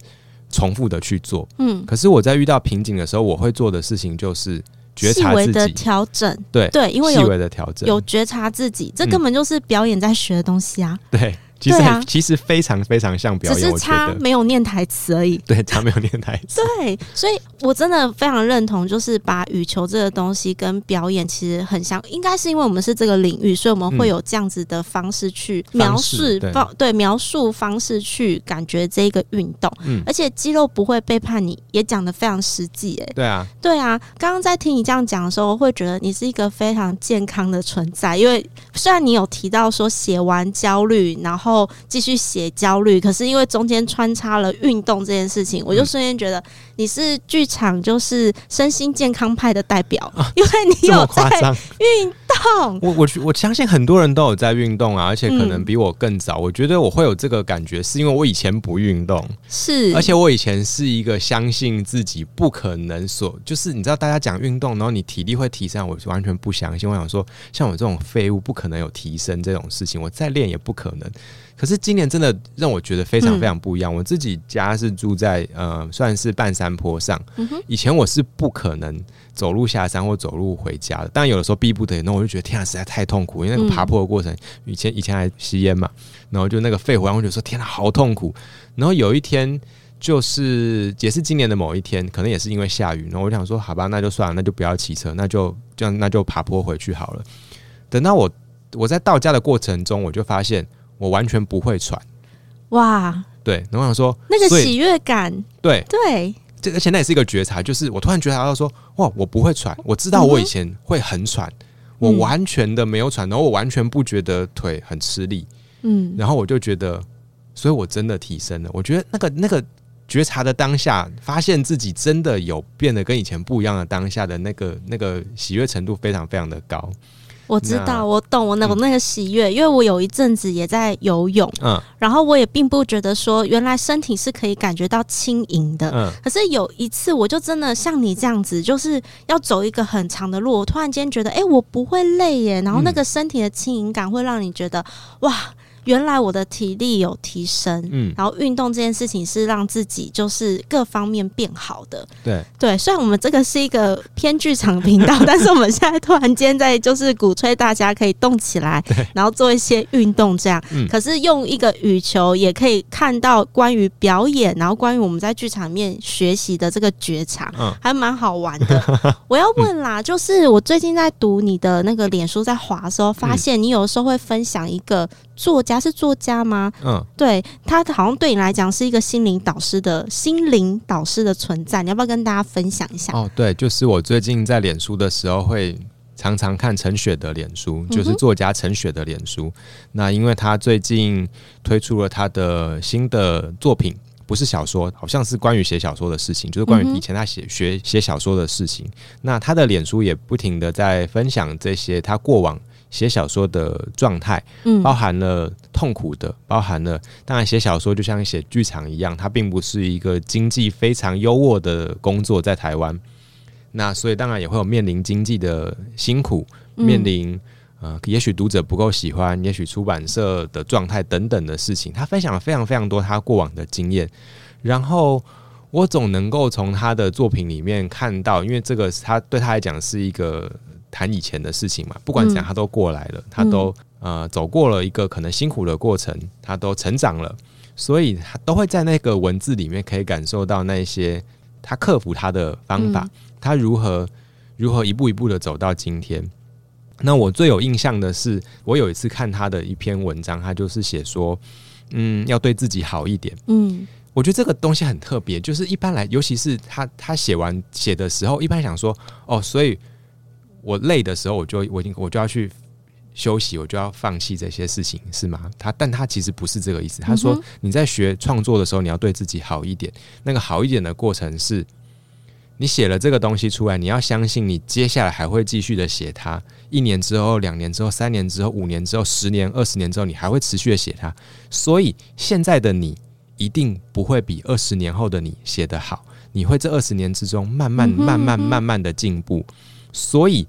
S2: 重複的去做。嗯，可是我在遇到瓶頸的時候，我會做的事情就是覺察自己調
S1: 整。對對，因為細微的調整有覺察自己，這根本就是表演在學的東西啊。嗯、對。
S2: 其實對、啊、其實非常非常像表演，只是他沒
S1: 有念台詞而已。
S2: 對，他沒有念台詞。
S1: 對，所以我真的非常認同，就是把羽球這個東西跟表演其實很像，應該是因為我們是這個領域，所以我們會有這樣子的方式去描述、嗯、方對，對，描述方式去感覺這一個運動。嗯，而且肌肉不會背叛你，也講的非常實際。哎，對啊，對啊。剛剛在聽你這樣講的時候，我會覺得你是一個非常健康的存在，因為雖然你有提到說寫完焦慮，然後，後繼續寫焦慮，可是因為中間穿插了運動這件事情，我就瞬間覺得你是劇場，就是身心健康派的代表，嗯、因為你有在運。啊我
S2: 我我相信很多人都有在運動啊，而且可能比我更早。嗯，我覺得我會有這個感覺，是因為我以前不運動，是，而且我以前是一個相信自己不可能所，所就是你知道，大家講運動，然後你體力會提升，我完全不相信。我想說，像我這種廢物，不可能有提升這種事情，我再練也不可能。可是今年真的讓我覺得非常非常不一樣。嗯、我自己家是住在呃，算是半山坡上，嗯。以前我是不可能走路下山或走路回家的。但有的時候逼不得已，那我就覺得天啊，實在太痛苦。因為那個爬坡的過程，嗯、以前以前還吸煙嘛，然後就那個肺活量，我就說天啊，好痛苦。然後有一天，就是也是今年的某一天，可能也是因為下雨，然後我就想說，好吧，那就算了，那就不要騎車，那就這樣，那就爬坡回去好了。等到我我在到家的過程中，我就發現。我完全不會喘，
S1: 哇！
S2: 對，然後我想說那個喜悅感，對對，這而且那也是一個覺察，就是我突然覺察到說，哇，我不會喘，我知道我以前會很喘，嗯，我完全的沒有喘，然後我完全不覺得腿很吃力，嗯，然後我就覺得，所以我真的提升了。我覺得那個那個覺察的當下，發現自己真的有變得跟以前不一樣的當下的那個那個喜悅程度非常非常的高。我知道，no. 我
S1: 懂，我懂那個喜悅、嗯，因為我有一陣子也在游泳，嗯，然後我也並不覺得說，原來身體是可以感覺到輕盈的，嗯，可是有一次我就真的像你這樣子，就是要走一個很長的路，我突然間覺得，誒、欸，我不會累耶，然後那個身體的輕盈感會讓你覺得，嗯、哇。原來我的體力有提升，嗯，然後運動這件事情是讓自己就是各方面變好的，對對。雖然我們這個是一個偏劇場頻道， 但是我們現在突然間在就是鼓吹大家可以動起來，然後做一些運動，這樣、嗯。可是用一個羽球也可以看到關於表演，然後關於我們在劇場裡面學習的這個覺察、嗯，還蠻好玩的、嗯。我要問啦，就是我最近在讀你的那個臉書，在滑的時候，發現你有的時候會分享一個。作家是作家嗎？嗯對，對他好像對你來講是一個心靈導師的心靈導師的存在，你要不要跟大家分享一下？哦，
S2: 對，就是我最近在臉書的時候會常常看陳雪的臉書，就是作家陳雪的臉書、嗯。那因為他最近推出了他的新的作品，不是小說，好像是關於寫小說的事情，就是關於以前他寫學寫小說的事情。嗯、那他的臉書也不停的在分享這些他過往。寫小說的狀態，包含了痛苦的，嗯、包含了當然，寫小說就像寫劇場一樣，它並不是一個經濟非常優渥的工作，在台灣。那所以當然也會有面臨經濟的辛苦，面臨、嗯、呃，也許讀者不夠喜歡，也許出版社的狀態等等的事情。他分享了非常非常多他過往的經驗，然後我總能夠從他的作品裡面看到，因為這個他對他來講是一個。談以前的事情嘛，不管怎樣，他都過來了，嗯、他都呃走過了一個可能辛苦的過程，他都成長了，所以他都會在那個文字裡面可以感受到那些他克服他的方法，嗯、他如何如何一步一步的走到今天。那我最有印象的是，我有一次看他的一篇文章，他就是寫說，嗯，要對自己好一點，嗯，我覺得這個東西很特別，就是一般來，尤其是他他寫完寫的時候，一般想說，哦，所以。我累的時候我，我就我已經我就要去休息，我就要放棄這些事情，是嗎？他，但他其實不是這個意思。他說，你在學創作的時候，你要對自己好一點。那個好一點的過程是，你寫了這個東西出來，你要相信你接下來還會繼續的寫它。一年之後、兩年之後、三年之後、五年之後、十年、二十年之後，你還會持續的寫它。所以現在的你一定不會比二十年後的你寫得好。你會這二十年之中慢慢、慢慢、慢慢的進步。所以。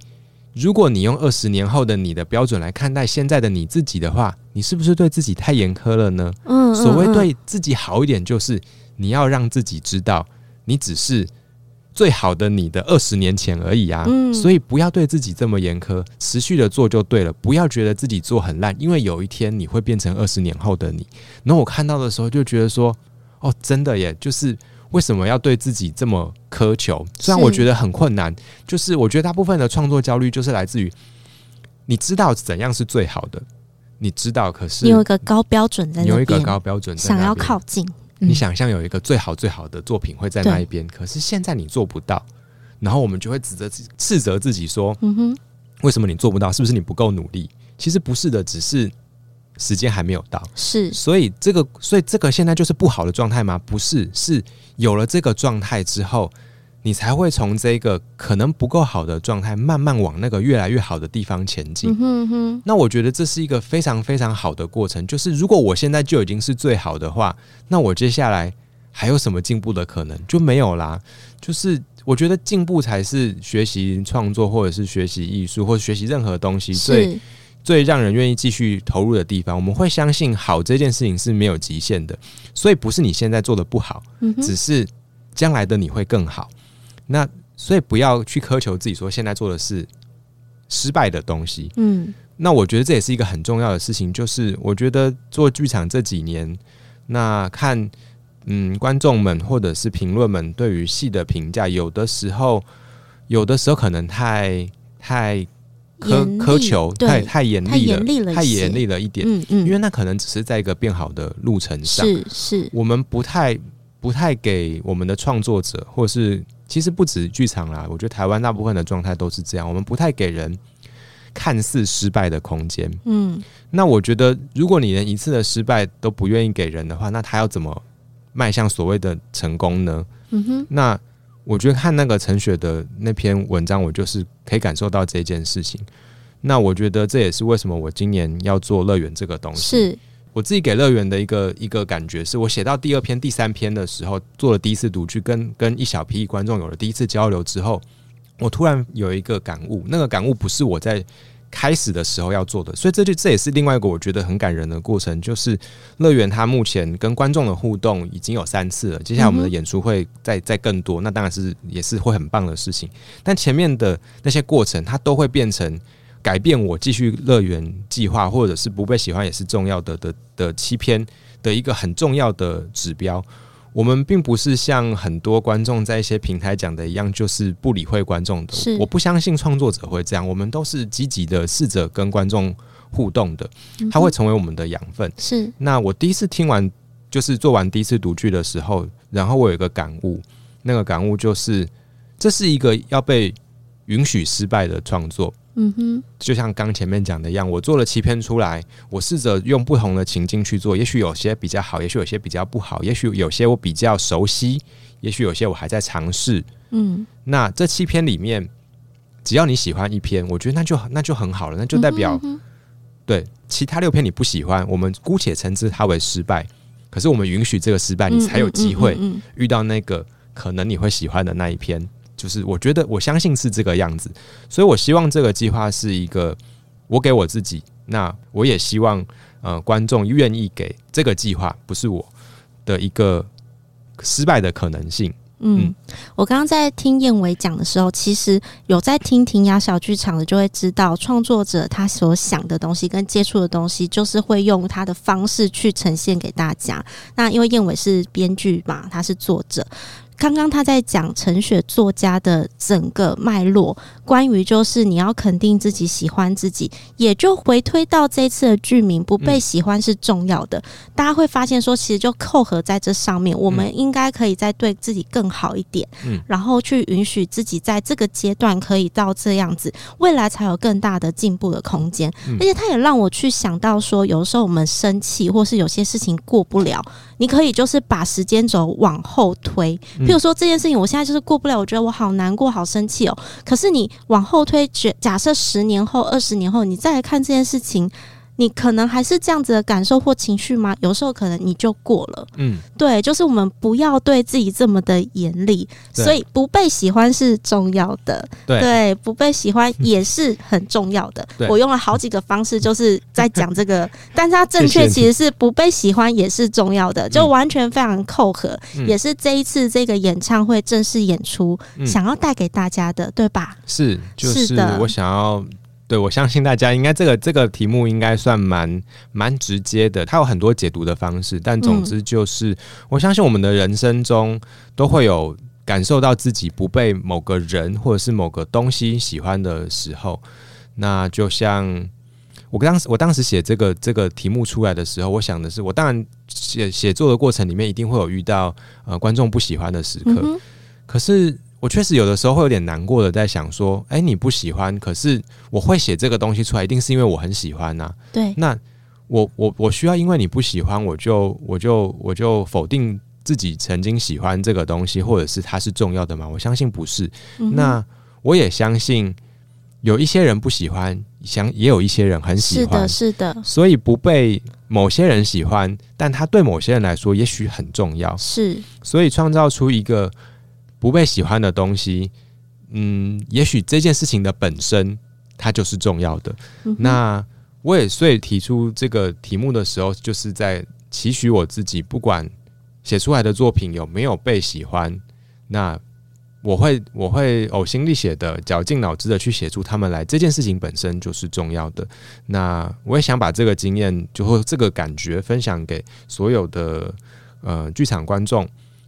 S2: 如果你用二十年後的你的標準來看待現在的你自己的話，你是不是對自己太嚴苛了呢？嗯嗯嗯。所謂對自己好一點，就是你要讓自己知道，你只是最好的你的二十年前而已啊，嗯。所以不要對自己這麼嚴苛，持續的做就對了。不要覺得自己做很爛，因為有一天你會變成二十年後的你。然後我看到的時候就覺得說，哦，真的耶，就是。為什麼要對自己這麼苛求？雖然我覺得很困難，是就是我覺得大部分的創作焦慮就是來自於你知道怎樣是最好的，你知道，可是你有一個
S1: 高標準在，有一個高標準想要靠近，嗯、你
S2: 想象有一個最好最好的作品會在那一邊，可是現在你做不到，然後我們就會指責、斥責自己說：“嗯
S1: 哼，
S2: 為什麼你做不到？是不是你不夠努力？”其實不是的，只是。時間還沒有到，是，所以這個，所以這個現在就是不好的狀態嗎？不是，是有了這個狀態之後，你才會從這個可能不夠好的狀態慢慢往那個越來越好的地方前進。嗯哼，嗯哼，那我覺得這是一個非常非常好的過程。就是如果我現在就已經是最好的話，那我接下來還有什麼進步的可能？就沒有啦。就是我覺得進步才是學習創作或，或者是學習藝術，或學習任何東西。是。所以。最讓人願意繼續投入的地方，我們會相信好這件事情是沒有極限的，所以不是你現在做的不好，嗯、只是將來的你會更好。那所以不要去苛求自己，說現在做的是失敗的東西。嗯，那我覺得這也是一個很重要的事情，就是我覺得做劇場這幾年，那看嗯觀眾們或者是評論們對於戲的評價，有的時候有的時候可能太太。
S1: 苛苛求太太嚴厲了，太嚴厲
S2: 了一點，嗯嗯，因為那可能只是在一個變好的路程上，是是，我們不太不太給我們的創作者，或者是其實不止劇場啦，我覺得台灣大部分的狀態都是這樣，我們不太給人看似失敗的空間，嗯，那我覺得如果你連一次的失敗都不願意給人的話，那他要怎麼邁向所謂的成功呢？嗯哼，那。我覺得看那個陳雪的那篇文章，我就是可以感受到這件事情。那我覺得這也是為什麼我今年要做樂園這個東西。是，我自己給樂園的一個一個感覺是，是我寫到第二篇第三篇的時候，做了第一次讀劇，跟跟一小批觀眾有了第一次交流之後，我突然有一個感悟。那個感悟不是我在開始的時候要做的，所以這就這也是另外一個我覺得很感人的過程，就是樂園它目前跟觀眾的互動已經有三次了，接下來我們的演出會再再更多，那當然是也是會很棒的事情。但前面的那些過程，它都會變成改變我繼續樂園計劃，或者是不被喜歡也是重要的的的七篇的一個很重要的指標。我們並不是像很多觀眾在一些平台講的一樣，就是不理會觀眾的。是，我不相信創作者會這樣。我們都是積極的試着跟觀眾互動的，它會成為我們的養分。嗯。是。那我第一次聽完，就是做完第一次讀劇的時候，然後我有一個感悟，那個感悟就是，這是一個要被允許失敗的創作。嗯哼，就像剛前面講的一樣，我做了七篇出來，我試着用不同的情境去做，也許有些比較好，也許有些比較不好，也許有些我比較熟悉，也許有些我還在嘗試。嗯，那這七篇裡面，只要你喜歡一篇，我覺得那就那就很好了，那就代表，嗯哼哼，對其他六篇你不喜歡，我們姑且稱之它為失敗。可是我們允許這個失敗，你才有機會遇到那個可能你會喜歡的那一篇。就是我覺得我相信是這個樣子，所以我希望這個計劃是一個我給我自己，那我也希望呃觀眾願意給這個計劃不是我的一個失敗的可能性。
S1: 嗯，嗯我剛剛在聽彥瑋講的時候，其實有在聽庭雅小聚場的，就會知道創作者他所想的東西跟接觸的東西，就是會用他的方式去呈現給大家。那因為彥瑋是編劇嘛，他是作者。剛剛他在講陳雪作家的整個脈絡，關於就是你要肯定自己喜歡自己，也就回推到這一次的劇名，不被喜歡是重要的、嗯。大家會發現說，其實就扣合在這上面，我們應該可以再對自己更好一點，嗯、然後去允許自己在這個階段可以到這樣子，未來才有更大的進步的空間、嗯。而且他也讓我去想到說，有時候我們生氣或是有些事情過不了，你可以就是把時間軸往後推。譬如說這件事情，我現在就是過不了，我覺得我好難過、好生氣哦。可是你往後推，假設十年後、二十年後，你再來看這件事情。你可能還是這樣子的感受或情緒嗎？有時候可能你就過了。嗯，對，就是我們不要對自己這麼的嚴厲。所以不被喜歡是重要的。對。對，不被喜歡也是很重要的。我用了好幾個方式，就是在講這個，但是它正確其實是不被喜歡也是重要的， 就完全非常扣合、嗯，也是這一次這個演唱會正式演出、嗯、想要帶給大家的，對吧？
S2: 是，就是、是的。我想要。對，我相信大家應該這個這個題目應該算蠻蠻直接的，它有很多解讀的方式，但總之就是，我相信我們的人生中都會有感受到自己不被某個人或者是某個東西喜歡的時候。那就像我當時我當時寫這個這個題目出來的時候，我想的是，我當然寫寫作的過程裡面一定會有遇到呃觀眾不喜歡的時刻，嗯、可是。我確實有的時候會有點難過的，在想說，哎，你不喜歡，可是我會寫這個東西出來，一定是因為我很喜歡吶、啊。對，那我我我需要因為你不喜歡，我就我就我就否定自己曾經喜歡這個東西，或者是它是重要的嗎？我相信不是。嗯、那我也相信有一些人不喜歡，想也有一些人很喜歡，是的，是的。所以不被某些人喜歡，但他對某些人來說也許很重要。是，所以創造出一個。不被喜歡的東西，嗯，也許這件事情的本身它就是重要的，嗯。那我也所以提出這個題目的時候，就是在期許我自己，不管寫出來的作品有沒有被喜歡，那我會我會嘔心瀝血的，絞盡腦汁的去寫出他們來。這件事情本身就是重要的。那我也想把這個經驗，就會這個感覺分享給所有的呃劇場觀眾。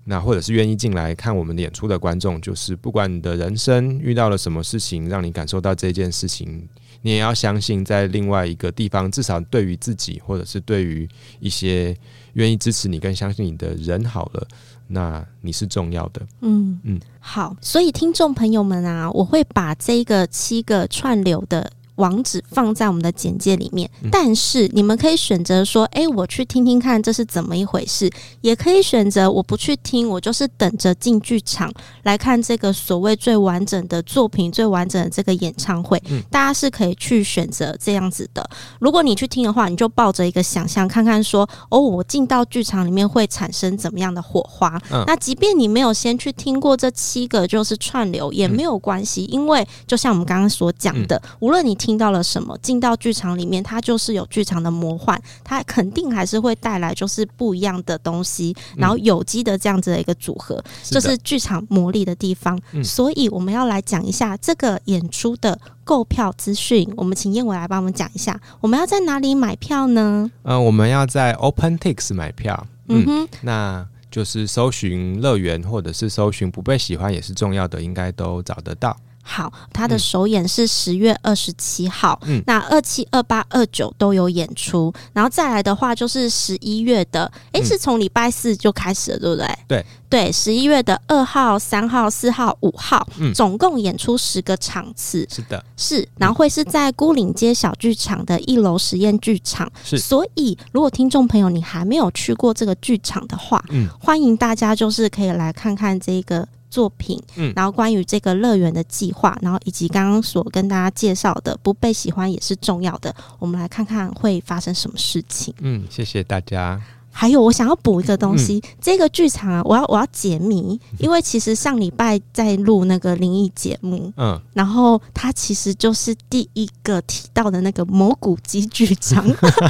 S2: 那或者是願意進來看我們演出的觀眾，就是不管你的人生遇到了什麼事情，讓你感受到這件事情，你也要相信，在另外一個地方，至少對於自己，或者是對於一些願意支持你、跟相信你的人，好了，那你是重要的。嗯
S1: 嗯，好，所以聽眾朋友們啊，我會把這個七個串流的，網址放在我們的簡介裡面，嗯、但是你們可以選擇說：“哎、欸，我去聽聽看這是怎麼一回事。”也可以選擇我不去聽，我就是等着進劇場來看這個所謂最完整的作品、最完整的這個演唱會。嗯、大家是可以去選擇這樣子的。如果你去聽的話，你就抱着一個想象，看看說：“哦，我進到劇場裡面會產生怎麼樣的火花？”啊、那即便你沒有先去聽過這七個，就是串流也沒有關係，嗯、因為就像我們剛剛所講的，嗯、無論你聽。聽到了什麼？進到劇場裡面，它就是有劇場的魔幻，它肯定還是會帶來就是不一樣的東西，然後有機的這樣子的一個組合，嗯、是就是劇場魔力的地方。嗯、所以我們要來講一下這個演出的購票資訊。我們請彥瑋來幫我們講一下，我們要在哪裡買票呢？嗯、
S2: 呃，我們要在 OpenTix 買票。嗯，嗯哼，那就是搜尋樂園或者是搜尋不被喜歡也是重要的，應該都找得到。
S1: 好，他的首演是十月二十七號，嗯，那二七、二八、二九都有演出，嗯，然後再來的話就是十一月的，哎、嗯，是從禮拜四就開始了，對不對？對，對，十一月的二號、三號、四號、五號、嗯，總共演出十個場次，是的，是，然後會是在牯嶺街小劇場的一樓實驗劇場，所以如果聽眾朋友你還沒有去過這個劇場的話，嗯，歡迎大家就是可以來看看這個。作品，然後關於這個樂園的計劃，然後以及剛剛所跟大家介紹的不被喜歡也是重要的，我們來看看會發生什麼事情。
S2: 嗯，謝謝大家。
S1: 還有，我想要補一個東西。嗯、這個劇場啊，我要我要解謎、嗯，因為其實上禮拜在錄那個靈異節目，嗯，然後他其實就是第一個提到的那個牯嶺街劇場，不、嗯、知道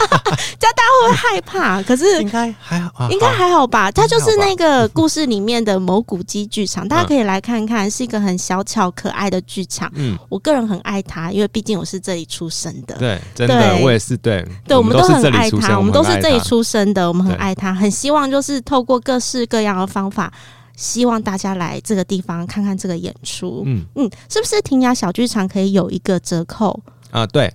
S1: 大家會不會害怕？嗯、可是應該還好啊，應該還好吧好？它就是那個故事裡面的牯嶺街劇場、嗯，大家可以來看看，是一個很小巧可愛的劇場。嗯，我個人很愛他，因為畢竟我是這裡出生的。嗯、對，真的對，我也是。對，對，我們都，我們都，我們都我們很愛他，我們都是這裡出生的，我們。很愛他，很希望就是透過各式各樣的方法，希望大家來這個地方看看這個演出。嗯嗯，是不是庭雅小劇場可以有一個折扣
S2: 啊？對，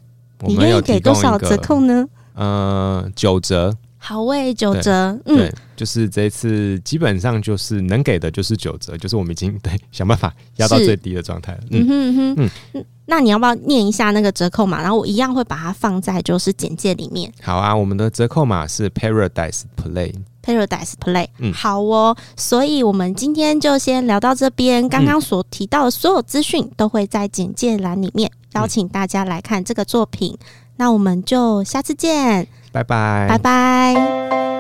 S2: 你願意給多少折扣呢？呃，九折。
S1: 好耶，九折，嗯，
S2: 就是這一次基本上就是能給的就是九折，就是我們已經對想辦法壓到最低的狀態了。嗯哼
S1: 哼、嗯，嗯，那你要不要念一下那個折扣碼？然後我一樣會把它放在就是簡介裡面。
S2: 好啊，我們的折扣碼是 Paradise Play
S1: Paradise Play。嗯，好哦，所以我們今天就先聊到這邊。剛剛所提到的所有資訊都會在簡介欄裡面，邀請大家來看這個作品。嗯、那我們就下次見。拜拜。拜拜。